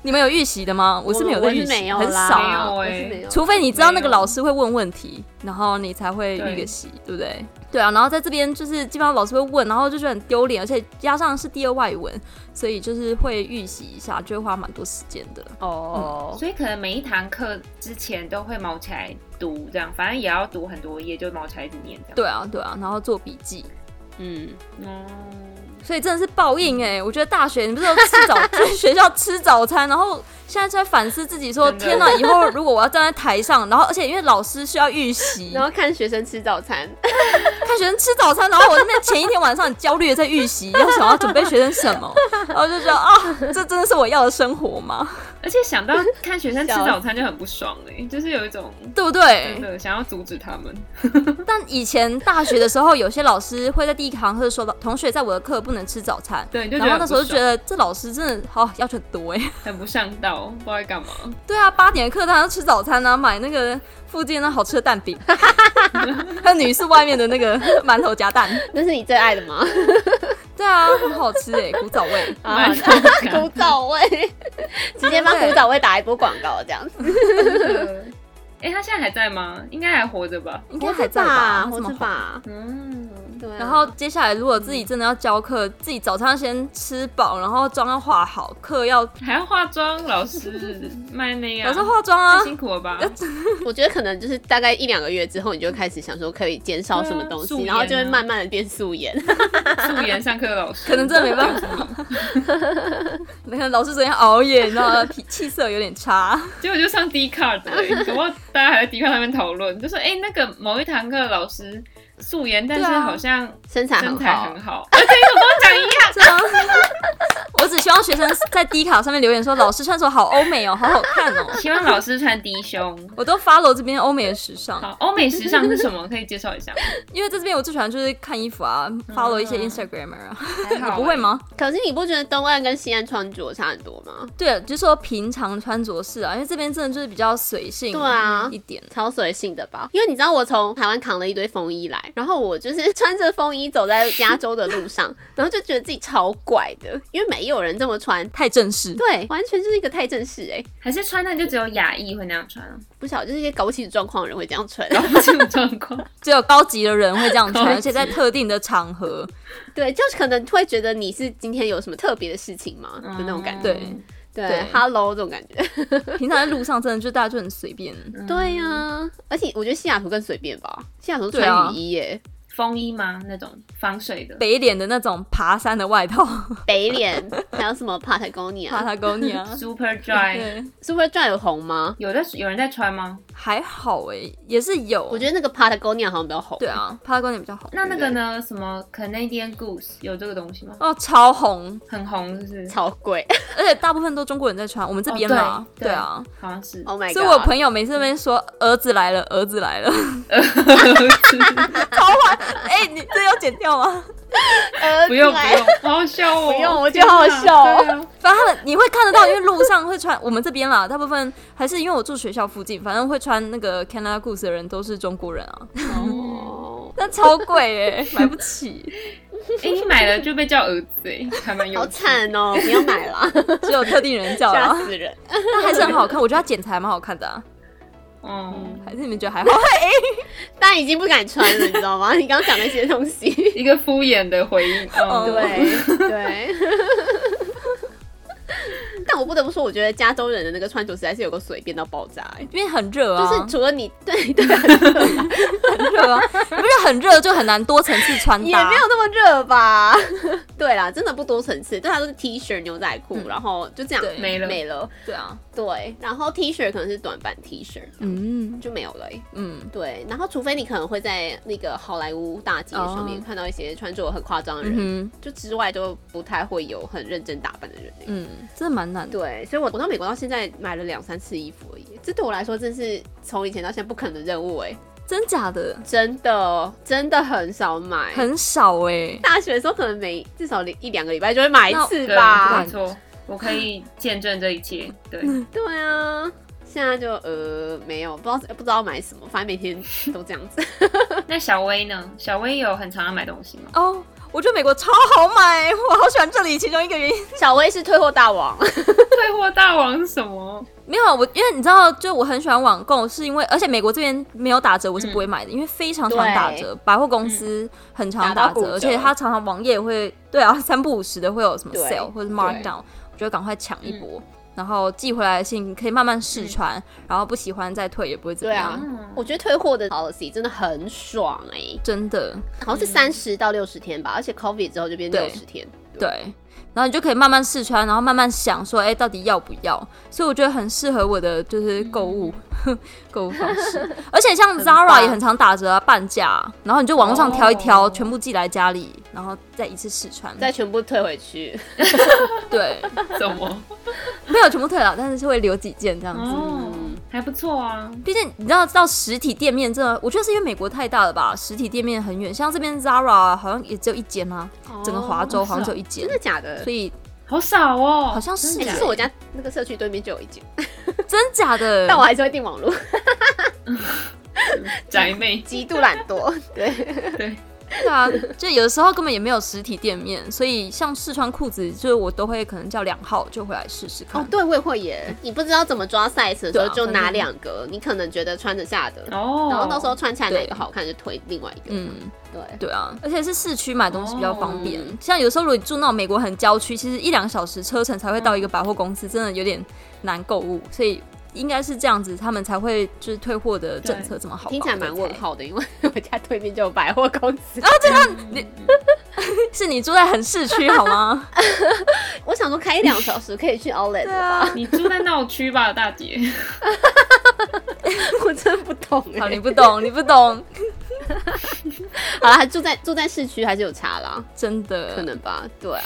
你們有預習的嗎？我是沒有在預習，很少、欸。除非你知道那個老師會問問題，然後你才會預習，對不對？對啊。然後在這邊就是基本上老師會問，然後就是很丟臉，而且加上是第二外文，所以就是會預習一下，就會花蠻多時間的。哦、oh, 嗯，所以可能每一堂課之前都會毛起來讀，這樣反正也要讀很多頁，就毛起來一直念。對啊，對啊。然後做筆記，嗯，嗯。所以真的是報應哎、欸嗯！我覺得大學你不是要吃早， 在學校吃早餐，然後現在就在反思自己說： 天哪，以後如果我要站在台上，然後而且因為老師需要預習， 然後看學生吃早餐， 看學生吃早餐，然後我在那前一天晚上很焦慮的在預習，要 想要準備學生什麼， 然後就說：啊，這真的是我要的生活嗎？而且想到看學生吃早餐就很不爽哎、欸，就是有一種對不對？真的想要阻止他們。但以前大學的時候，有些老師會在第一堂課說：“同學在我的課不能吃早餐。對”對，然後那時候就覺得這老師真的好、哦、要求很多哎、欸，很不上道，不知道在幹嘛。對啊，八點的課他要吃早餐呢、啊，買那個附近那好吃的蛋餅，那 女士外面的那個饅頭夾蛋， 那是你最愛的嗎？ 對啊，很好吃哎，古早味啊，古早味， 早味 直接幫古早味打一波廣告這樣子。哎、 欸，他現在還在嗎？應該還活着吧？應該還在吧？活着吧，吧，吧？嗯。啊、然後接下來，如果自己真的要教課、嗯，自己早餐先吃飽，然後妝要化好，課要還要化妝。老師，賣那樣老師化妝啊，辛苦了吧？ 我覺得可能就是大概一兩個月之後，你就開始想說可以減少什麼東西、啊啊，然後就會慢慢的變素顏。 素顏上課的老師，可能真的沒辦法。 你看老師昨天熬夜，你知道嗎？氣色有點差， 結果就上 Dcard 之類的。不過大家還在 Dcard 那邊討論，就說、是：“哎、欸，那個某一堂課的老師。”素顏，但是好像身材、啊、身材很好，很好 而且跟我講一樣、 啊。我只希望學生在 D 卡上面留言說，老師穿着好歐美哦，好好看哦。希望老師穿低胸。我都 follow 這邊歐美的時尚。好，歐美時尚是什麼？ 可以介紹一下。因為在這邊我最喜歡就是看衣服啊 ，follow 一些 Instagram 啊。你、嗯 欸、不會嗎？可是你不覺得東岸跟西岸穿着差很多嗎？對、啊，就是說平常穿着是啊，因為這邊真的就是比較隨性，對啊，一點超隨性的吧。因為你知道我從台灣扛了一堆風衣來。然後我就是穿着風衣走在加州的路上， 然後就覺得自己超怪的，因為沒有人這麼穿，太正式。對，完全就是一個太正式哎、欸，還是穿的就只有亞裔會那樣穿啊？不曉得，就是一些搞不清楚狀況的人會這樣穿，搞不清楚狀況， 只有高級的人會這樣穿，而且在特定的場合。 高級 對，就是可能會覺得你是今天有什麼特別的事情嗎？就，嗯、那種感覺。對。對，對，Hello 這種感覺， 平常在路上真的就大家就很隨便。 嗯、對呀、啊，而且我覺得西雅圖更隨便吧，西雅圖是穿雨衣耶、欸。風衣嗎？那種防水的北臉的那種爬山的外套。 北臉還有什麼 Patagonia、Patagonia、 Superdry，Superdry 有紅嗎？有在，有人在穿嗎？還好哎、欸，也是有。我覺得那個 Patagonia 好像比較紅、啊。對啊，Patagonia 比較好。那那個呢？什麼 Canadian Goose 有這個東西嗎？哦，超紅，很紅是不是，就是超貴， 而且大部分都中國人在穿。我們這邊嘛、啊哦、對，對，對啊，好、啊、像是。Oh my God！所以我朋友每次在那邊說兒子來了，兒子來了， 超火。哎、 欸，你這要剪掉嗎？呃，不用不用，不用好笑我、喔。不用，我覺得好笑哦、喔啊。反正他們你會看得到，因為路上會穿， 我們這邊啦，大部分還是因為我住學校附近，反正會穿那個 Canada Goose 的人都是中國人啊。哦，那 超貴哎、欸，買不起。哎、欸，你買了就被叫兒子哎、欸，還蠻有。好慘哦、喔，不要買了， 只有特定人叫啊，嚇死人。但還是很好看， 我覺得他剪裁蠻好看的啊。嗯，嗯，還是你們覺得還好，嗯，但已經不敢穿了，你知道嗎？ 你剛剛講那些東西，一個敷衍的回應， 哦，對對。 對 但我不得不說，我覺得加州人的那個穿着實在是有個隨便到爆炸、欸，因為很熱啊。就是、除了你，對對，很熱、啊，不 是很熱熱、啊、 就很難多層次穿搭，也沒有那麼熱吧？ 對啦，真的不多層次，對他都是 T 恤、牛仔褲、嗯，然後就這樣沒了沒了。對啊，對，然後 T 恤可能是短版 T 恤、嗯，嗯，就沒有了、欸。嗯，對，然後除非你可能會在那個好萊塢大街上面、哦、看到一些穿着很誇張的人，嗯嗯，就之外都不太會有很認真打扮的人、欸。嗯。真的蠻難的，對，所以，我我到美國到現在買了兩三次衣服而已，這對我來說真是從以前到現在不可能的任務、欸，哎，真假的，真的，真的很少買，很少哎、欸，大學的時候可能每至少一兩個禮拜就會買一次吧，沒錯，我可以見證這一切， 對， 對啊，現在就呃沒有，不知道不知道買什麼，反正每天都這樣子。 那小薇呢？小薇有很常要買東西嗎？哦、oh.。我覺得美國超好買，我好喜歡這裡。其中一個原因，曉薇是退貨大王。 退貨大王是什麼？沒有我，因為你知道，就我很喜歡網購，是因為而且美國這邊沒有打折、嗯，我是不會買的，因為非常常打折，百貨公司很常打折，嗯，而且它常常網頁會，對啊，三不五時的會有什麼 sale 或者 markdown，我覺得趕快搶一波。嗯然後寄回來的信可以慢慢試穿、嗯，然後不喜歡再退也不會怎麼樣。對啊、我覺得退貨的 policy 真的很爽哎、欸，真的。好像是三十到六十天吧、嗯，而且 COVID 之後就變六十天對對。對，然後你就可以慢慢試穿，然後慢慢想說，哎，到底要不要？所以我覺得很適合我的就是購物、嗯、 購物方式，而且像 Zara 很也很常打折啊，半價，然後你就網絡上挑一挑、哦，全部寄來家裡。然後再一次試穿，再全部退回去。 對，怎麼沒有全部退了？但是是會留幾件這樣子、哦，還不錯啊。畢竟你知道到實體店面真的，我覺得是因為美國太大了吧，實體店面很遠。像這邊 Zara 好像也只有一間嗎、哦？整個華州好像只有一間，真的假的？所以好少哦。好像是，其實我家那個社區對面就有一間， 真假的？但我還是會訂網絡，宅、 嗯、妹，極度懶惰，對對。 對啊，就有的時候根本也沒有實體店面，所以像試穿褲子，就是我都會可能叫兩號就回來試試看。哦，對，我也會耶。你不知道怎麼抓 size 的時候，就拿兩個、啊，你可能覺得穿得下的，然後到時候穿起來哪一個好看就推另外一個。Oh. 嗯，對，對啊，而且是市區買東西比較方便。Oh. 像有時候如果你住那種美國很郊區，其實一兩小時車程才會到一個百貨公司，真的有點難購物，所以。應該是這樣子，他們才會就是退貨的政策這麼好，聽起來蠻問號的。因為我家對面就有百貨公司，哦、啊，這個、嗯、你 是你住在很市區好嗎？ 我想說開一兩個小時可以去奧萊，對吧？你住在鬧區吧，大姐。 我真不懂，好，你不懂，你不懂。 好了，還住在住在市區還是有差啦，真的可能吧，對啊，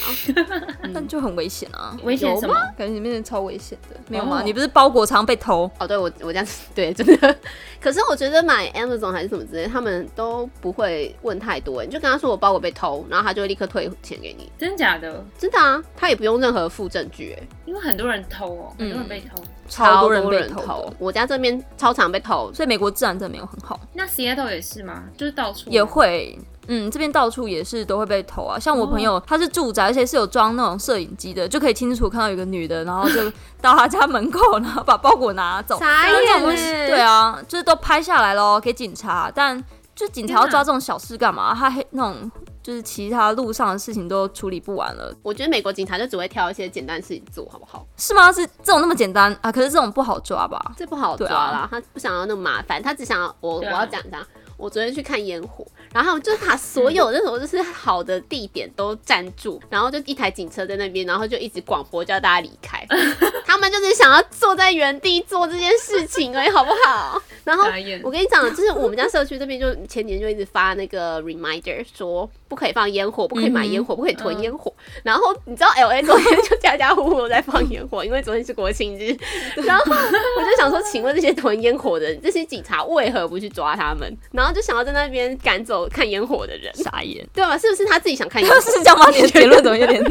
嗯、但就很危險啊，危險什麼？感覺裡面超危險的，沒有嗎？哦、你不是包裹常，常被偷？哦，對我我家對真的， 可是我覺得買 Amazon 還是什麼之類，他們都不會問太多、欸，你就跟他說我包裹被偷，然後他就會立刻退錢給你，真的假的？真的啊，他也不用任何附證據、欸，因為很多人偷哦、喔，很多人被偷。嗯超多人被偷，人被偷，我家這邊超常被偷，所以美國治安真的沒有很好。那 Seattle 也是嗎？就是到處、啊，也會，嗯，這邊到處也是都會被偷啊。像我朋友，哦、他是住宅，而且是有裝那種攝影機的，就可以清楚看到有個女的，然後就到他家門口， 然後把包裹拿走。啥，對啊，就是都拍下來咯，給警察。但就警察要抓這種小事幹嘛？啊、他那種。就是其他路上的事情都處理不完了。我覺得美國警察就只會挑一些簡單的事情做好不好？是嗎？是這種那麼簡單啊？可是這種不好抓吧？這不好抓啦。啊、他不想要那麼麻煩，他只想要我、啊、我要講一下，我昨天去看煙火，然後就把所有那種就是好的地點都佔住，嗯、然後就一台警車在那邊，然後就一直廣播叫大家離開。 他們就是想要坐在原地做這件事情而已， 好不好？然後我跟你講，就是我們家社區這邊就前幾年就一直發那個 reminder 說。不可以放煙火，不可以買煙火，嗯，不可以囤煙火，嗯。然後你知道，LA 昨天就家家戶戶在放煙火， 因為昨天是國慶日。然後我就想說，請問這些囤煙火的人，這些警察為何不去抓他們？然後就想要在那邊趕走看煙火的人。傻眼，對吧？是不是他自己想看煙火？是這樣嗎？結論怎麼有點？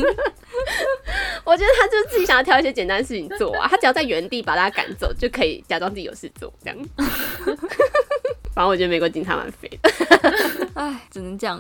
我覺得他就是自己想要挑一些簡單事情做啊，他只要在原地把大家趕走，就可以假裝自己有事做這樣。 反正我覺得美國警察蠻肥的，哎， 只能這樣。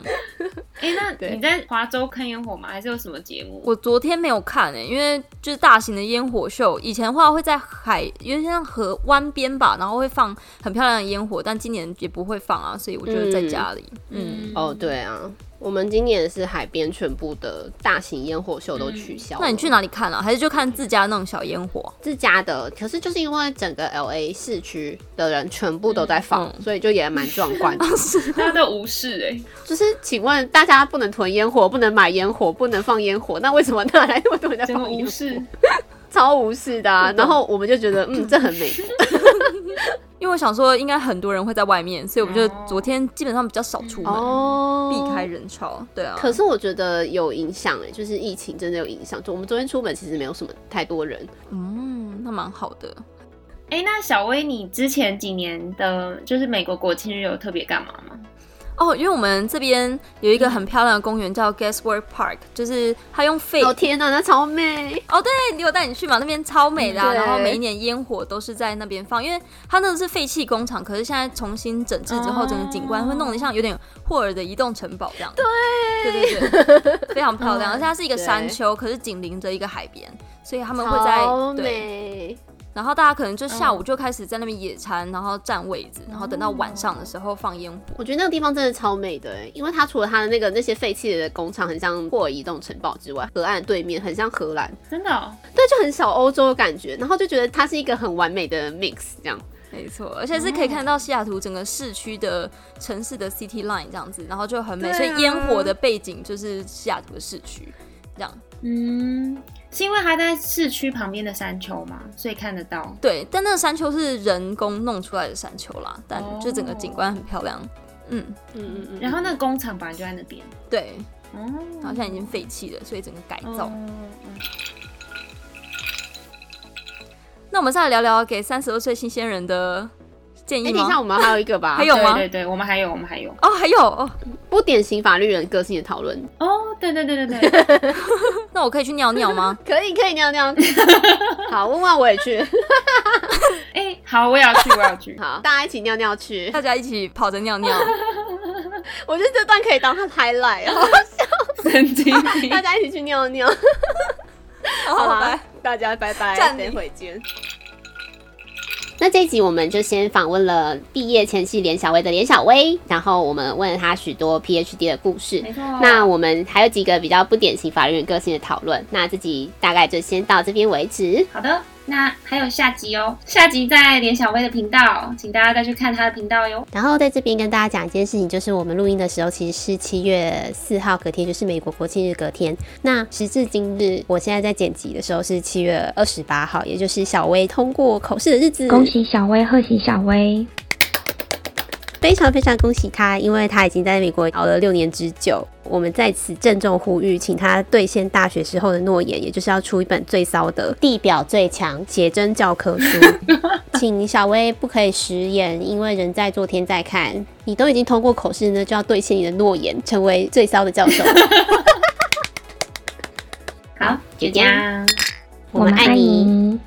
哎、欸，那你在華州看煙火嗎？還是有什麼節目？我昨天沒有看呢、欸，因為就是大型的煙火秀，以前的話會在海，因為像河灣邊吧，然後會放很漂亮的煙火，但今年也不會放啊，所以我就在家裡嗯。嗯，哦，對啊。我們今年是海邊全部的大型煙火秀都取消，那你去哪裡看了？還是就看自家那種小煙火？自家的，可是就是因為整個 LA 市區的人全部都在放，嗯、所以就也蠻壯觀的。大家都無視哎，是 就是請問大家不能囤煙火，不能買煙火，不能放煙火，那為什麼那來那麼多人在放煙火？麼無事 超無視的啊，啊。然後我們就覺得嗯，這很美。 因為我想說，應該很多人會在外面，所以我們就昨天基本上比較少出門、哦，避開人潮，對啊。可是我覺得有影響誒、欸，就是疫情真的有影響。就我們昨天出門其實沒有什麼太多人，嗯，那蠻好的。哎、欸，那曉薇，你之前幾年的，就是美國國慶日有特別幹嘛嗎？哦，因為我們這邊有一個很漂亮的公園叫 Gasworks Park、嗯、就是它用廢……哦天哪那超美！哦對，你有帶你去嘛，那邊超美的，啊，然後每一年煙火都是在那邊放，因為它那個是廢棄工廠，可是現在重新整治之後，整個景觀會弄得像有點霍爾的移動城堡這樣子，嗯。對對對， 非常漂亮，而且它是一個山丘，可是緊鄰着一個海邊，所以他們會在超美對。然後大家可能就下午就開始在那邊野餐，嗯、然後占位置，然後等到晚上的時候放煙火。我覺得那個地方真的超美的，因為它除了它的那個那些廢棄的工廠很像霍爾移動城堡之外，河岸對面很像荷蘭，真、嗯、的，對，就很小歐洲的感覺。然後就覺得它是一個很完美的 mix 這樣。沒錯，而且是可以看到西雅圖整個市區的城市的 city line 這樣子，然後就很美，所以、啊、煙火的背景就是西雅圖的市區這樣。嗯。是因為它在市區旁邊的山丘嘛，所以看得到。對，但那個山丘是人工弄出來的山丘啦，但就整個景觀很漂亮。Oh. 嗯嗯嗯，嗯。然後那個工廠本來就在那邊。對。嗯，好像已經廢棄了，所以整個改造。Oh. 那我們再來聊聊給三十二歲新鮮人的。你、欸、等一下，我們還有一個吧？還有嗎？對對，對，我們還有，我們還有。哦、oh，還有哦，oh. 不典型法律人個性的討論哦。對、oh, 對對對對。 那我可以去尿尿嗎？ 可以可以尿尿。 好，問問我也去。哎、 欸，好，我也要去，我也要去。要去 好，大家一起尿尿去， 大家一起跑着尿尿。 我覺得這段可以當它 highlight 哦，神經。 大家一起去尿尿。 好吧，拜、哦、拜，大家拜拜，等會見。那這一集我們就先訪問了畢業前夕連曉薇的連曉薇，然後我們問了她許多 PhD 的故事。沒錯啊。那我們還有幾個比較不典型法律人個性的討論。那這集大概就先到這邊為止。好的。那還有下集哦、喔，下集在連曉薇的頻道，請大家再去看她的頻道喲。然後在這邊跟大家講一件事情，就是我們錄音的時候其實是七月四號隔天，就是美國國慶日隔天。那時至今日，我現在在剪輯的時候是七月二十八號，也就是曉薇通過口試的日子。恭喜曉薇，賀喜曉薇！非常非常恭喜他，因為他已經在美國熬了六年之久。我們在此鄭重呼籲，請他兌現大學時候的諾言，也就是要出一本最騷的地表最強寫真教科書。科書 請曉薇不可以食言，因為人在做天在看。你都已經通過口試呢，就要兌現你的諾言，成為最騷的教授。 好，就這樣。我們愛你。